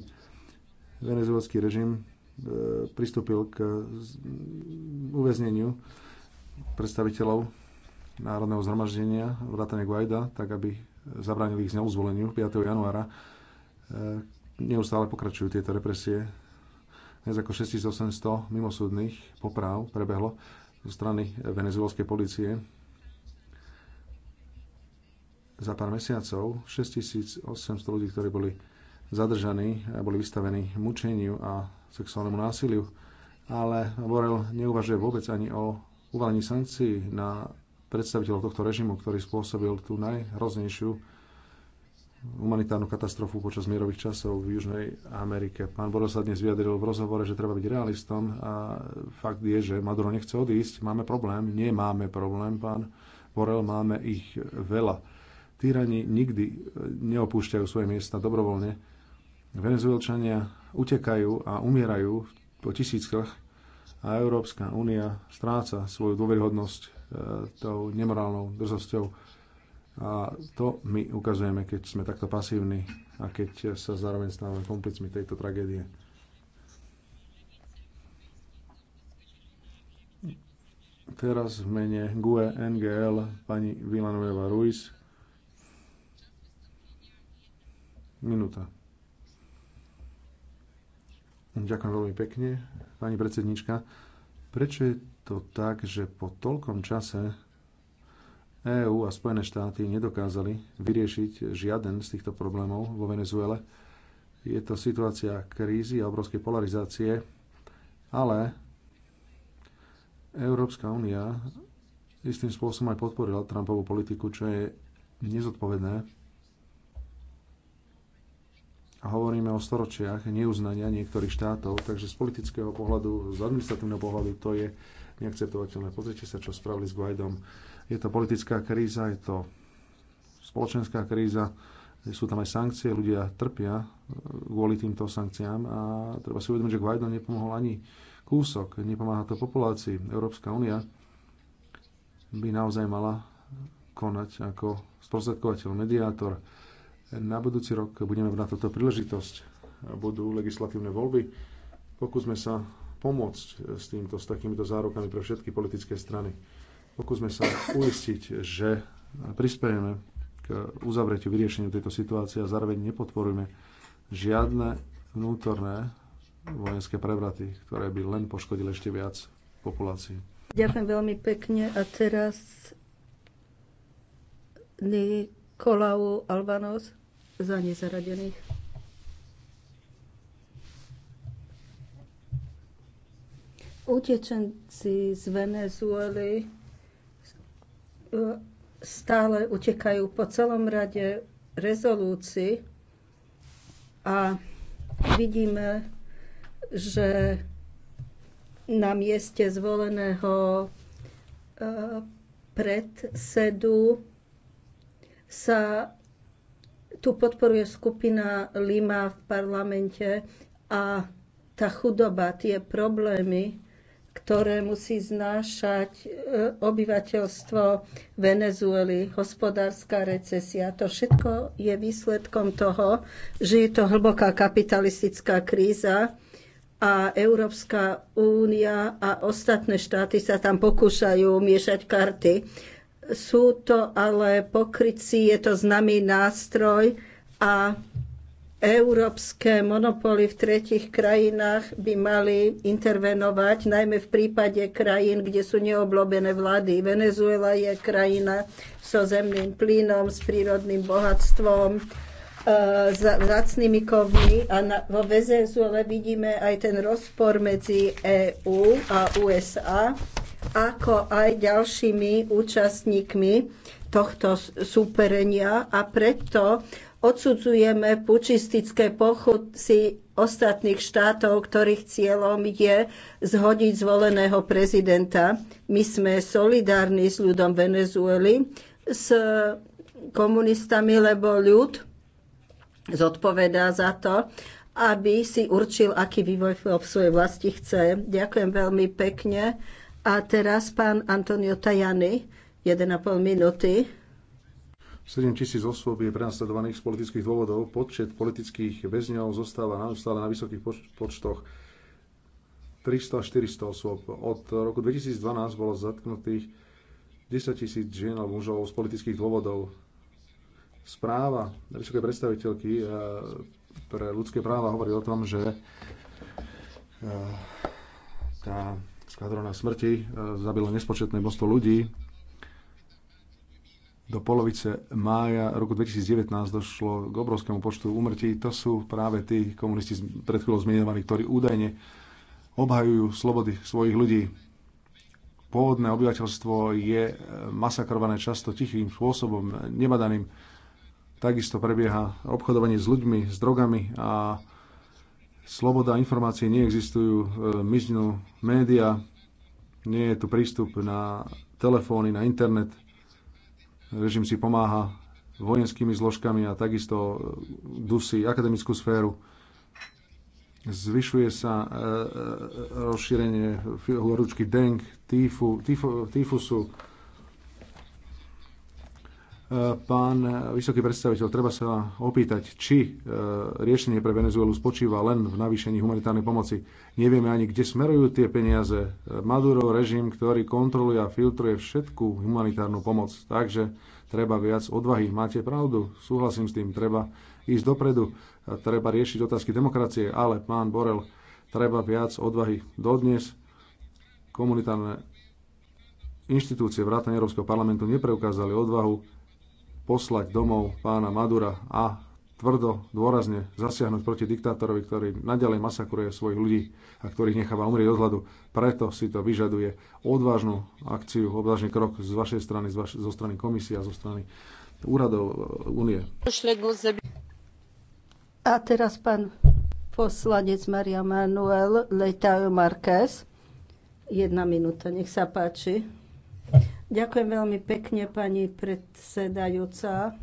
Venezuelský režim e, pristúpil k uväzneniu predstaviteľov Národného zhromaždenia vrátane Guaida, tak aby zabránili ich zneuzvoleniu 5. januára e, Neustále pokračujú tieto represie. Viac ako 6800 mimosúdnych popráv prebehlo zo strany venezuelskej policie. Za pár mesiacov 6800 ľudí, ktorí boli zadržaní a boli vystavení mučeniu a sexuálnemu násiliu. Ale Borel neuvažuje vôbec ani o uvalení sankcií na predstaviteľov tohto režimu, ktorý spôsobil tú najhroznejšiu humanitárnu katastrofu počas mierových časov v Južnej Amerike. Pán Boros sa dnes vyjadril v rozhovore, že treba byť realistom a fakt je, že Maduro nechce odísť. Máme problém? Nemáme problém, pán Borel, máme ich veľa. Týrani nikdy neopúšťajú svoje miesta dobrovoľne. Venezuelčania utekajú a umierajú po tisíckach a Európska únia stráca svoju dôveryhodnosť e, tou nemorálnou drzosťou a to my ukazujeme, keď sme takto pasívni a keď sa zároveň stávame komplicmi tejto tragédie. Teraz v mene GUE NGL pani Vilanoveva Ruiz. Minúta. Ďakujem veľmi pekne, pani predsednička. Prečo je to tak, že po toľkom čase EÚ a Spojené štáty nedokázali vyriešiť žiaden z týchto problémov vo Venezuele. Je to situácia krízy a obrovskej polarizácie, ale Európska únia istým spôsobom aj podporila Trumpovú politiku, čo je nezodpovedné. A hovoríme o storočiach neuznania niektorých štátov, takže z politického pohľadu, z administratívneho pohľadu to je neakceptovateľné. Pozrite sa, čo spravili s Guaidom je to politická kríza, je to spoločenská kríza, sú tam aj sankcie, ľudia trpia e, kvôli týmto sankciám a treba si uvedomiť, že Guaido nepomohol ani kúsok, nepomáha to populácii. Európska únia by naozaj mala konať ako sprostredkovateľ, mediátor. Na budúci rok budeme na toto príležitosť. Budú legislatívne voľby. Pokúsme sa pomôcť s týmto, s takýmito zárokami pre všetky politické strany. Pokúsme sa uistiť, že prispiejeme k uzavretiu, vyriešeniu tejto situácie a zároveň nepodporujeme žiadne vnútorné vojenské prevraty, ktoré by len poškodili ešte viac populácii. Ďakujem veľmi pekne a teraz Nikolau Albanos za nezaradených. Utečenci z Venezuely stále utekajú po celom rade rezolúcií a vidíme, že na mieste zvoleného e, predsedu sa tu podporuje skupina Lima v parlamente a tá chudoba, tie problémy, ktoré musí znášať e, obyvateľstvo Venezuely, hospodárska recesia. To všetko je výsledkom toho, že je to hlboká kapitalistická kríza a Európska únia a ostatné štáty sa tam pokúšajú miešať karty. Sú to ale pokryci, je to známy nástroj a Európske monopoly v tretich krajinách by mali intervenovať, najmä v prípade krajín, kde sú neoblobené vlády. Venezuela je krajina so zemným plynom, s prírodným bohatstvom, s e, vzácnými kovmi a na, vo Venezuele vidíme aj ten rozpor medzi EÚ a USA, ako aj ďalšími účastníkmi tohto súperenia a preto Odsudzujeme pučistické pochodci ostatných štátov, ktorých cieľom je zhodiť zvoleného prezidenta. My sme solidárni s ľudom Venezuely, s komunistami, lebo ľud zodpovedá za to, aby si určil, aký vývoj v svojej vlasti chce. Ďakujem veľmi pekne. A teraz pán Antonio Tajani, 1,5 minúty. 7 tisíc osôb je prenasledovaných z politických dôvodov. Počet politických väzňov zostáva neustále na vysokých poč- počtoch 300-400 osôb. Od roku 2012 bolo zatknutých 10 tisíc žien a mužov z politických dôvodov. Správa vysokej predstaviteľky eh, pre ľudské práva hovorí o tom, že eh, tá skladrona smrti eh, zabila nespočetné množstvo ľudí, do polovice mája roku 2019 došlo k obrovskému počtu úmrtí. To sú práve tí komunisti pred chvíľou zmienovaní, ktorí údajne obhajujú slobody svojich ľudí. Pôvodné obyvateľstvo je eh, masakrované často tichým spôsobom, nebadaným. Takisto prebieha obchodovanie s ľuďmi, s drogami a sloboda informácií neexistujú, eh, miznú média, nie je tu prístup na telefóny, na internet, Režim si pomáha vojenskými zložkami a takisto dusí akademickú sféru. Zvyšuje sa e, e, e, rozšírenie horúčky deng, týfu, týfu, týfusu, Pán vysoký predstaviteľ, treba sa opýtať, či e, riešenie pre Venezuelu spočíva len v navýšení humanitárnej pomoci. Nevieme ani, kde smerujú tie peniaze. Maduro režim, ktorý kontroluje a filtruje všetku humanitárnu pomoc. Takže treba viac odvahy. Máte pravdu, súhlasím s tým, treba ísť dopredu, treba riešiť otázky demokracie, ale pán Borel, treba viac odvahy. Dodnes komunitárne inštitúcie vrátane Európskeho parlamentu nepreukázali odvahu poslať domov pána Madura a tvrdo, dôrazne zasiahnuť proti diktátorovi, ktorý naďalej masakruje svojich ľudí a ktorých necháva umrieť od hladu. Preto si to vyžaduje odvážnu akciu, odvážny krok z vašej strany, z vaš- zo strany komisie a zo strany úradov uh, únie. A teraz pán poslanec Maria Manuel Letajo Marquez. Jedna minúta, nech sa páči. Ďakujem veľmi pekne, pani predsedajúca.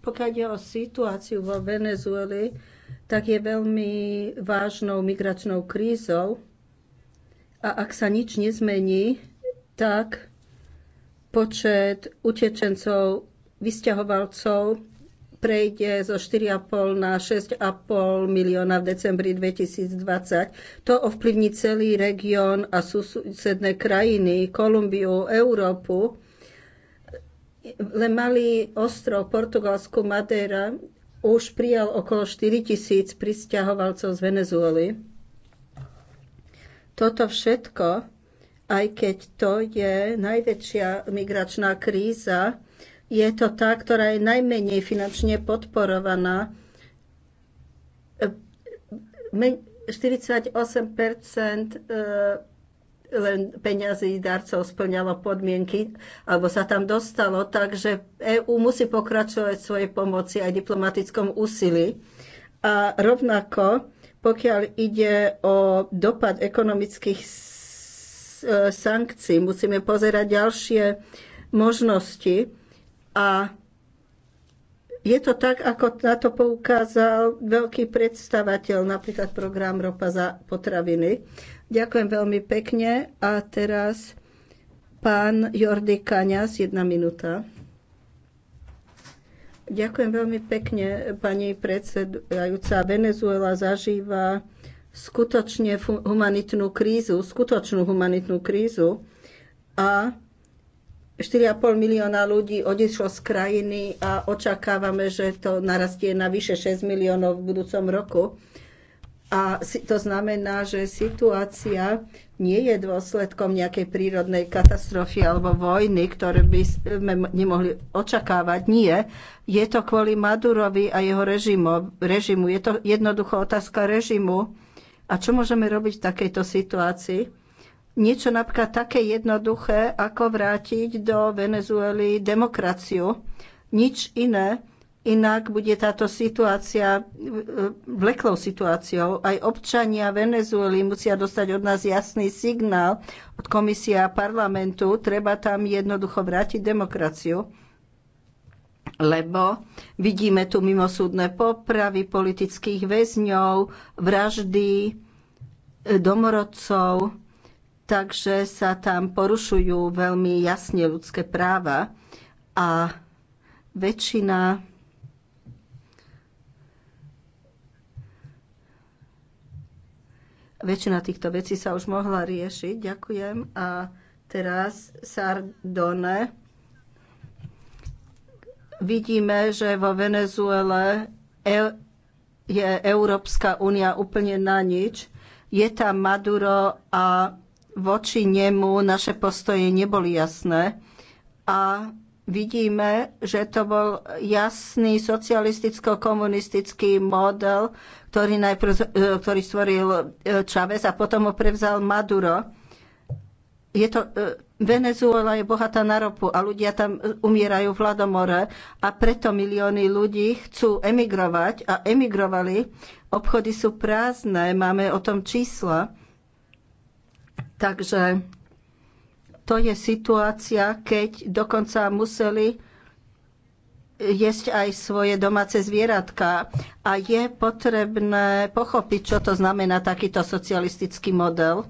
Pokiaľ ide o situáciu vo Venezueli, tak je veľmi vážnou migračnou krízou a ak sa nič nezmení, tak počet utečencov, vysťahovalcov prejde zo 4,5 na 6,5 milióna v decembri 2020. To ovplyvní celý región a susedné krajiny, Kolumbiu, Európu. Len malý ostrov Portugalsku Madeira už prijal okolo 4 tisíc pristahovalcov z Venezuely. Toto všetko, aj keď to je najväčšia migračná kríza, je to tá, ktorá je najmenej finančne podporovaná. 48 e, len peňazí darcov splňalo podmienky, alebo sa tam dostalo, takže EÚ musí pokračovať v svojej pomoci aj diplomatickom úsilí. A rovnako, pokiaľ ide o dopad ekonomických e, sankcií, musíme pozerať ďalšie možnosti. A je to tak, ako na to poukázal veľký predstavateľ, napríklad program Ropa za potraviny. Ďakujem veľmi pekne. A teraz pán Jordi Kaňas, jedna minúta. Ďakujem veľmi pekne, pani predsedajúca. Venezuela zažíva skutočne humanitnú krízu, skutočnú humanitnú krízu a 4,5 milióna ľudí odišlo z krajiny a očakávame, že to narastie na vyše 6 miliónov v budúcom roku. A to znamená, že situácia nie je dôsledkom nejakej prírodnej katastrofy alebo vojny, ktoré by sme nemohli očakávať. Nie. Je to kvôli Madurovi a jeho režimu. režimu. Je to jednoducho otázka režimu. A čo môžeme robiť v takejto situácii? niečo napríklad také jednoduché, ako vrátiť do Venezuely demokraciu. Nič iné, inak bude táto situácia e, vleklou situáciou. Aj občania Venezuely musia dostať od nás jasný signál od komisia a parlamentu. Treba tam jednoducho vrátiť demokraciu lebo vidíme tu mimosúdne popravy politických väzňov, vraždy e, domorodcov, takže sa tam porušujú veľmi jasne ľudské práva a väčšina väčšina týchto vecí sa už mohla riešiť. Ďakujem. A teraz Sardone. Vidíme, že vo Venezuele e- je Európska únia úplne na nič. Je tam Maduro a voči nemu naše postoje neboli jasné a vidíme, že to bol jasný socialisticko-komunistický model, ktorý, najprv, e, ktorý stvoril e, Čavez a potom ho prevzal Maduro. Je to, e, Venezuela je bohatá na ropu a ľudia tam umierajú v hladomore a preto milióny ľudí chcú emigrovať a emigrovali. Obchody sú prázdne, máme o tom čísla Takže to je situácia, keď dokonca museli jesť aj svoje domáce zvieratka. A je potrebné pochopiť, čo to znamená takýto socialistický model.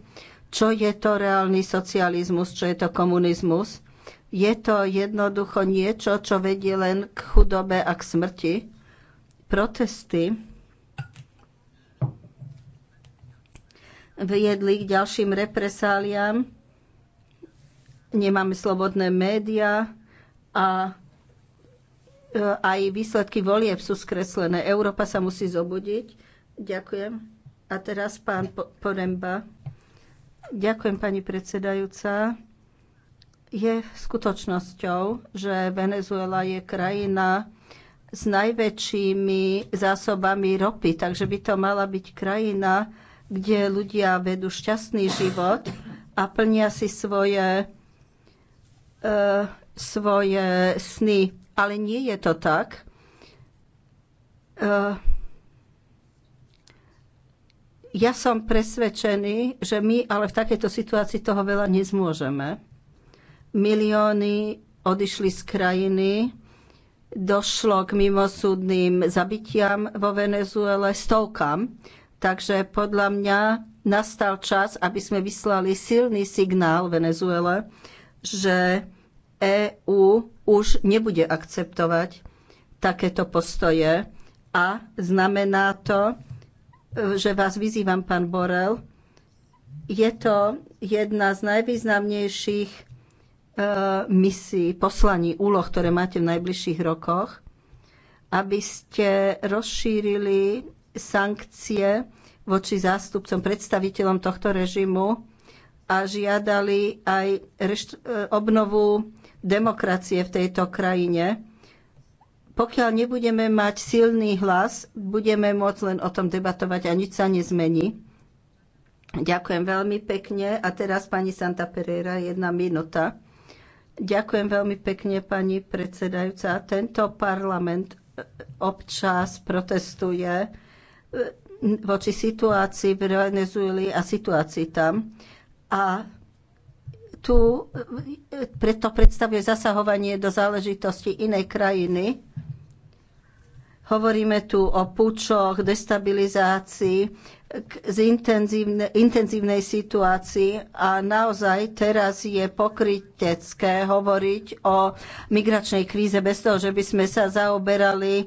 Čo je to reálny socializmus, čo je to komunizmus. Je to jednoducho niečo, čo vedie len k chudobe a k smrti. Protesty viedli k ďalším represáliám. Nemáme slobodné médiá a e, aj výsledky volieb sú skreslené. Európa sa musí zobudiť. Ďakujem. A teraz pán Poremba. Ďakujem, pani predsedajúca. Je skutočnosťou, že Venezuela je krajina s najväčšími zásobami ropy, takže by to mala byť krajina, kde ľudia vedú šťastný život a plnia si svoje, uh, svoje sny. Ale nie je to tak. Uh, ja som presvedčený, že my ale v takejto situácii toho veľa nezmôžeme. Milióny odišli z krajiny, došlo k mimosúdnym zabitiam vo Venezuele, stovkám Takže podľa mňa nastal čas, aby sme vyslali silný signál Venezuele, že EÚ už nebude akceptovať takéto postoje a znamená to, že vás vyzývam, pán Borel, je to jedna z najvýznamnejších e, misií, poslaní, úloh, ktoré máte v najbližších rokoch, aby ste rozšírili sankcie voči zástupcom, predstaviteľom tohto režimu a žiadali aj e, obnovu demokracie v tejto krajine. Pokiaľ nebudeme mať silný hlas, budeme môcť len o tom debatovať a nič sa nezmení. Ďakujem veľmi pekne. A teraz pani Santa Pereira, jedna minúta. Ďakujem veľmi pekne, pani predsedajúca. Tento parlament e, občas protestuje voči situácii v Venezueli a situácii tam. A tu preto predstavuje zasahovanie do záležitosti inej krajiny. Hovoríme tu o pučoch, destabilizácii, z intenzívne, intenzívnej situácii a naozaj teraz je pokrytecké hovoriť o migračnej kríze bez toho, že by sme sa zaoberali e,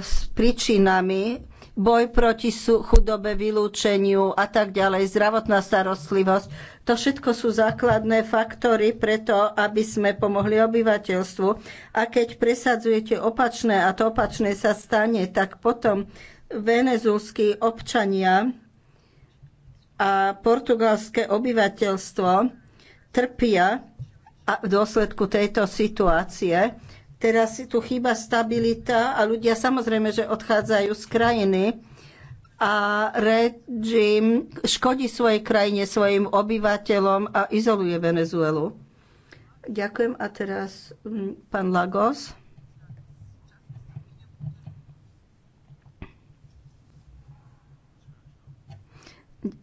s príčinami boj proti chudobe, vylúčeniu a tak ďalej, zdravotná starostlivosť. To všetko sú základné faktory preto, aby sme pomohli obyvateľstvu. A keď presadzujete opačné a to opačné sa stane, tak potom venezúlskí občania a portugalské obyvateľstvo trpia v dôsledku tejto situácie Teraz si tu chýba stabilita a ľudia samozrejme, že odchádzajú z krajiny a režim škodí svojej krajine, svojim obyvateľom a izoluje Venezuelu. Ďakujem a teraz mm, pán Lagos.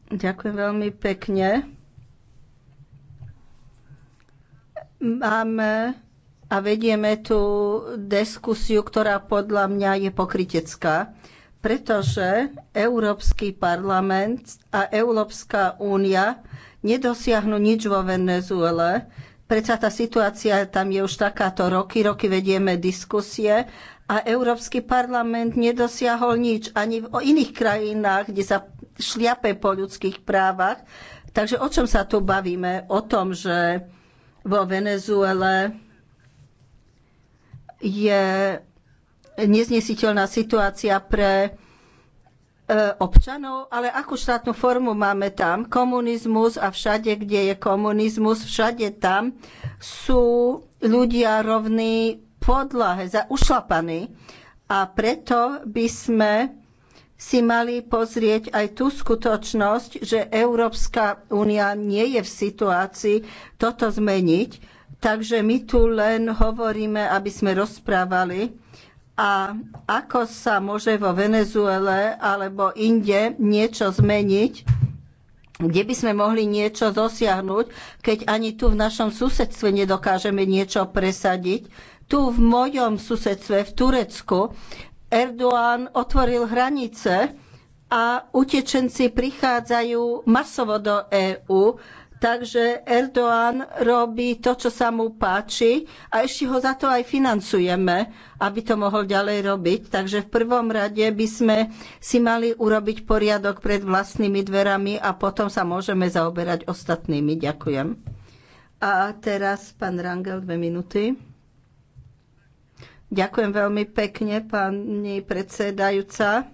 Ďakujem veľmi pekne. Máme a vedieme tú diskusiu, ktorá podľa mňa je pokritecká, pretože Európsky parlament a Európska únia nedosiahnu nič vo Venezuele. Predsa tá situácia tam je už takáto roky, roky vedieme diskusie a Európsky parlament nedosiahol nič ani v iných krajinách, kde sa šliape po ľudských právach. Takže o čom sa tu bavíme? O tom, že vo Venezuele je neznesiteľná situácia pre e, občanov, ale akú štátnu formu máme tam? Komunizmus a všade, kde je komunizmus, všade tam sú ľudia rovní podlahe, za ušlapaní. A preto by sme si mali pozrieť aj tú skutočnosť, že Európska únia nie je v situácii toto zmeniť Takže my tu len hovoríme, aby sme rozprávali a ako sa môže vo Venezuele alebo inde niečo zmeniť, kde by sme mohli niečo dosiahnuť, keď ani tu v našom susedstve nedokážeme niečo presadiť. Tu v mojom susedstve, v Turecku, Erdoğan otvoril hranice a utečenci prichádzajú masovo do EÚ Takže Erdoğan robí to, čo sa mu páči a ešte ho za to aj financujeme, aby to mohol ďalej robiť. Takže v prvom rade by sme si mali urobiť poriadok pred vlastnými dverami a potom sa môžeme zaoberať ostatnými. Ďakujem. A teraz pán Rangel, dve minúty. Ďakujem veľmi pekne, pani predsedajúca.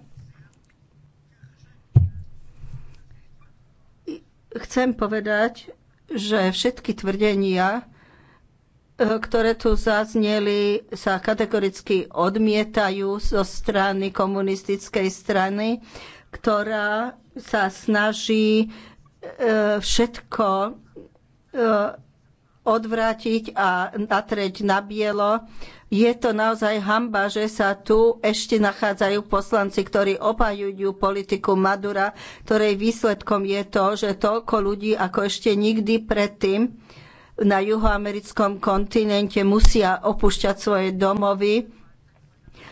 Chcem povedať, že všetky tvrdenia, e, ktoré tu zazneli, sa kategoricky odmietajú zo strany komunistickej strany, ktorá sa snaží e, všetko e, odvrátiť a natrieť na bielo. Je to naozaj hamba, že sa tu ešte nachádzajú poslanci, ktorí opajujú politiku Madura, ktorej výsledkom je to, že toľko ľudí ako ešte nikdy predtým na juhoamerickom kontinente musia opúšťať svoje domovy.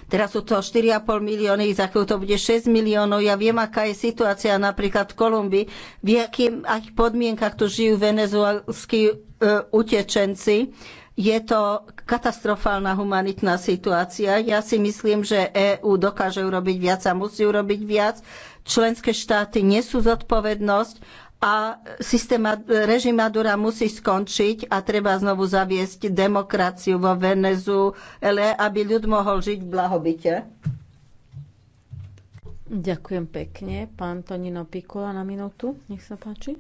Teraz sú to 4,5 milióny, za chvíľu to bude 6 miliónov. Ja viem, aká je situácia napríklad v Kolumbii, v akých podmienkach tu žijú venezuelskí E, utečenci. Je to katastrofálna humanitná situácia. Ja si myslím, že EÚ dokáže urobiť viac a musí urobiť viac. Členské štáty nesú zodpovednosť a systéma, režim Madura musí skončiť a treba znovu zaviesť demokraciu vo Venezuele, aby ľud mohol žiť v blahobite. Ďakujem pekne. Pán Tonino Pikula na minútu. Nech sa páči.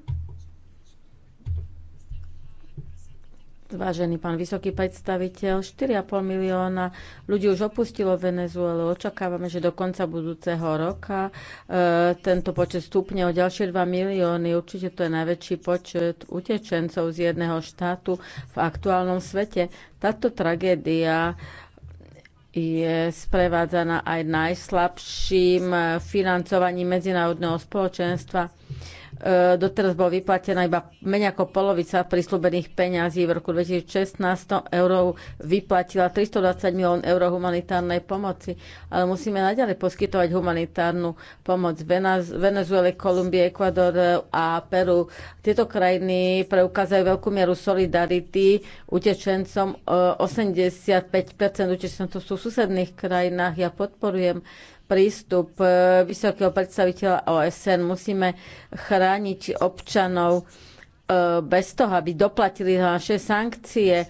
Vážený pán vysoký predstaviteľ, 4,5 milióna ľudí už opustilo Venezuelu. Očakávame, že do konca budúceho roka e, tento počet stupne o ďalšie 2 milióny. Určite to je najväčší počet utečencov z jedného štátu v aktuálnom svete. Táto tragédia je sprevádzaná aj najslabším financovaním medzinárodného spoločenstva E, doteraz bola vyplatená iba menej ako polovica prislúbených peňazí. V roku 2016 eur vyplatila 320 milión eur humanitárnej pomoci. Ale musíme naďalej poskytovať humanitárnu pomoc Venezuele, Kolumbie, Ekvador e, a Peru. Tieto krajiny preukázajú veľkú mieru solidarity utečencom. 85% e, utečencov sú v susedných krajinách. Ja podporujem prístup e, vysokého predstaviteľa OSN. Musíme chrániť občanov e, bez toho, aby doplatili na naše sankcie. E,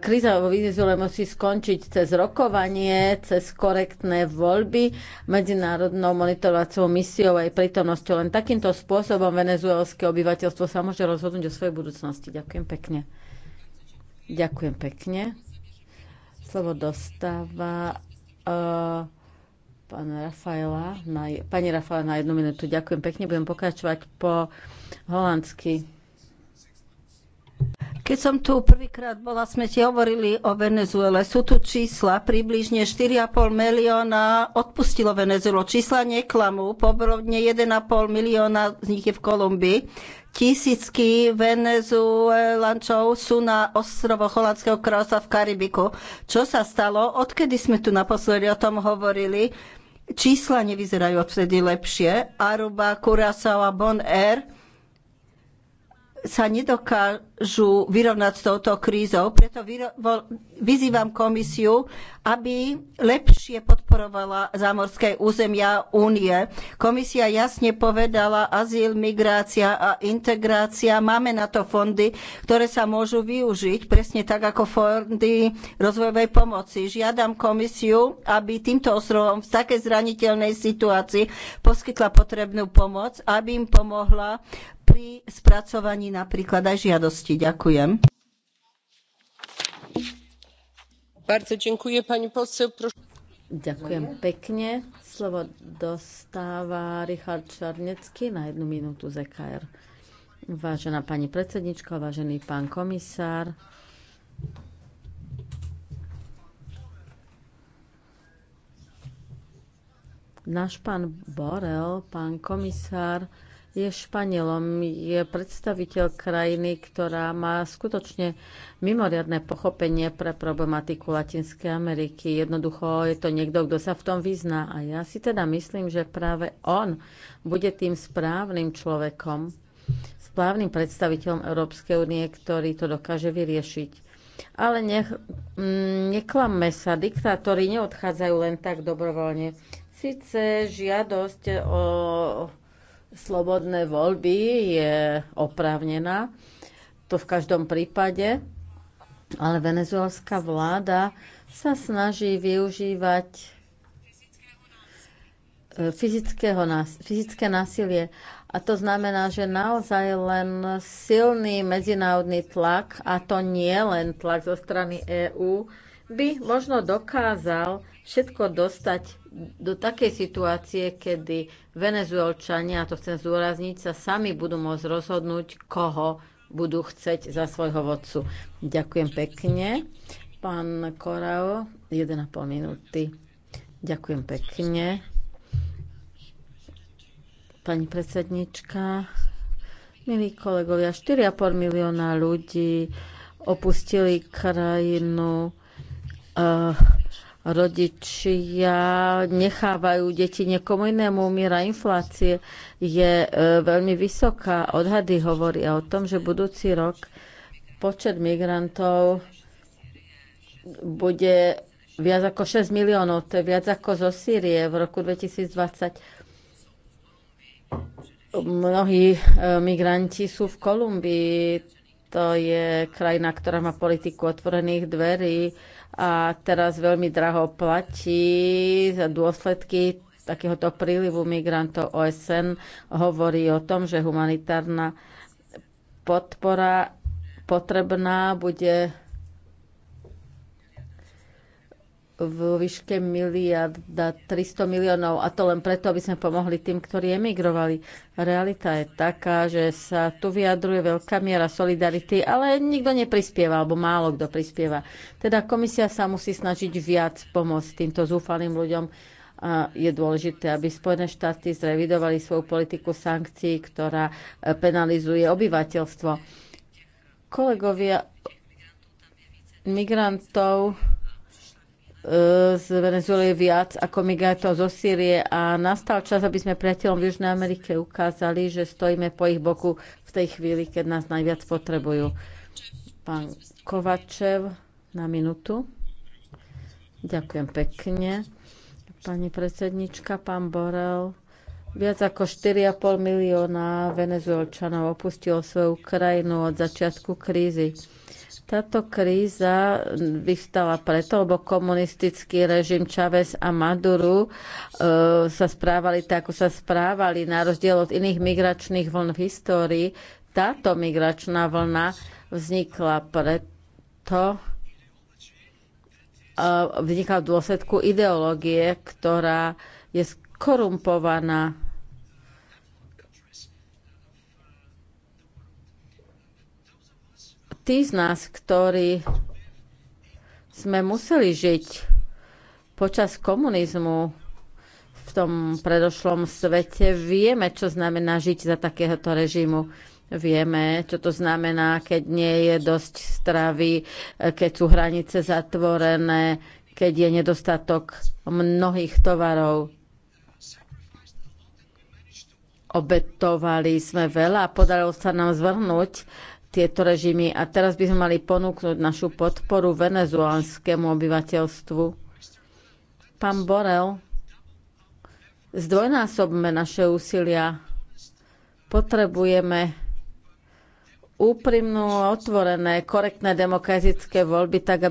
kríza vo Venezuele musí skončiť cez rokovanie, cez korektné voľby medzinárodnou monitorovacou misiou aj prítomnosťou. Len takýmto spôsobom venezuelské obyvateľstvo sa môže rozhodnúť o svojej budúcnosti. Ďakujem pekne. Ďakujem pekne. Slovo dostáva uh, pána Rafaela na, pani Rafaela na jednu minútu. Ďakujem pekne, budem pokračovať po holandsky. Keď som tu prvýkrát bola, sme ti hovorili o Venezuele. Sú tu čísla, približne 4,5 milióna odpustilo Venezuelo. Čísla neklamú, pobrovne 1,5 milióna z nich je v Kolumbii. Tisícky venezuelančov sú na ostrovo Holandského kráľovstva v Karibiku. Čo sa stalo? Odkedy sme tu naposledy o tom hovorili? Čísla nevyzerajú odvtedy lepšie. Aruba, Curaçao a Bon Air sa nedokážu vyrovnať s touto krízou. Preto vyzývam komisiu, aby lepšie podporovala zámorské územia únie. Komisia jasne povedala, azyl, migrácia a integrácia, máme na to fondy, ktoré sa môžu využiť, presne tak ako fondy rozvojovej pomoci. Žiadam komisiu, aby týmto ostrovom v takej zraniteľnej situácii poskytla potrebnú pomoc, aby im pomohla pri spracovaní napríklad aj žiadosti. Ďakujem. Bardzo dziękuję pani poseł. Ďakujem pekne. Slovo dostáva Richard Čarnecký na jednu minútu z EKR. Vážená pani predsednička, vážený pán komisár. Náš pán Borel, pán komisár, je Španielom, je predstaviteľ krajiny, ktorá má skutočne mimoriadne pochopenie pre problematiku Latinskej Ameriky. Jednoducho je to niekto, kto sa v tom vyzná. A ja si teda myslím, že práve on bude tým správnym človekom, správnym predstaviteľom Európskej únie, ktorý to dokáže vyriešiť. Ale nech, mm, neklamme sa, diktátori neodchádzajú len tak dobrovoľne. Sice žiadosť o slobodné voľby je oprávnená. To v každom prípade. Ale venezuelská vláda sa snaží využívať e, fyzické násilie. A to znamená, že naozaj len silný medzinárodný tlak, a to nie len tlak zo strany EÚ, by možno dokázal všetko dostať do takej situácie, kedy venezuelčania, a to chcem zdôrazniť, sa sami budú môcť rozhodnúť, koho budú chceť za svojho vodcu. Ďakujem pekne. Pán Korao, 1,5 minúty. Ďakujem pekne. Pani predsednička, milí kolegovia, 4,5 milióna ľudí opustili krajinu. Uh, rodičia nechávajú deti niekomu inému. Miera inflácie je e, veľmi vysoká. Odhady hovoria o tom, že budúci rok počet migrantov bude viac ako 6 miliónov. To je viac ako zo Sýrie v roku 2020. Mnohí e, migranti sú v Kolumbii. To je krajina, ktorá má politiku otvorených dverí a teraz veľmi draho platí za dôsledky takéhoto prílivu migrantov. OSN hovorí o tom, že humanitárna podpora potrebná bude v výške miliarda 300 miliónov a to len preto, aby sme pomohli tým, ktorí emigrovali. Realita je taká, že sa tu vyjadruje veľká miera solidarity, ale nikto neprispieva, alebo málo kto prispieva. Teda komisia sa musí snažiť viac pomôcť týmto zúfalým ľuďom. A je dôležité, aby Spojené štáty zrevidovali svoju politiku sankcií, ktorá e, penalizuje obyvateľstvo. Kolegovia, migrantov Eh, z Venezuely viac ako migrantov zo Sýrie a nastal čas, aby sme priateľom v Južnej Amerike ukázali, že stojíme po ich boku v tej chvíli, keď nás najviac potrebujú. Pán Kovačev na minútu. Ďakujem pekne. Pani predsednička, pán Borel. Viac ako 4,5 milióna venezuelčanov opustilo svoju krajinu od začiatku krízy táto kríza vystala preto, lebo komunistický režim Čavez a Maduru e, sa správali tak, ako sa správali, na rozdiel od iných migračných vln v histórii. Táto migračná vlna vznikla preto, e, vznikla v dôsledku ideológie, ktorá je skorumpovaná tí z nás, ktorí sme museli žiť počas komunizmu v tom predošlom svete, vieme, čo znamená žiť za takéhoto režimu. Vieme, čo to znamená, keď nie je dosť stravy, keď sú hranice zatvorené, keď je nedostatok mnohých tovarov. Obetovali sme veľa a podarilo sa nám zvrhnúť tieto režimy a teraz by sme mali ponúknuť našu podporu venezuelskému obyvateľstvu. Pán Borel, zdvojnásobme naše úsilia. Potrebujeme úprimnú, otvorené, korektné demokratické voľby, tak aby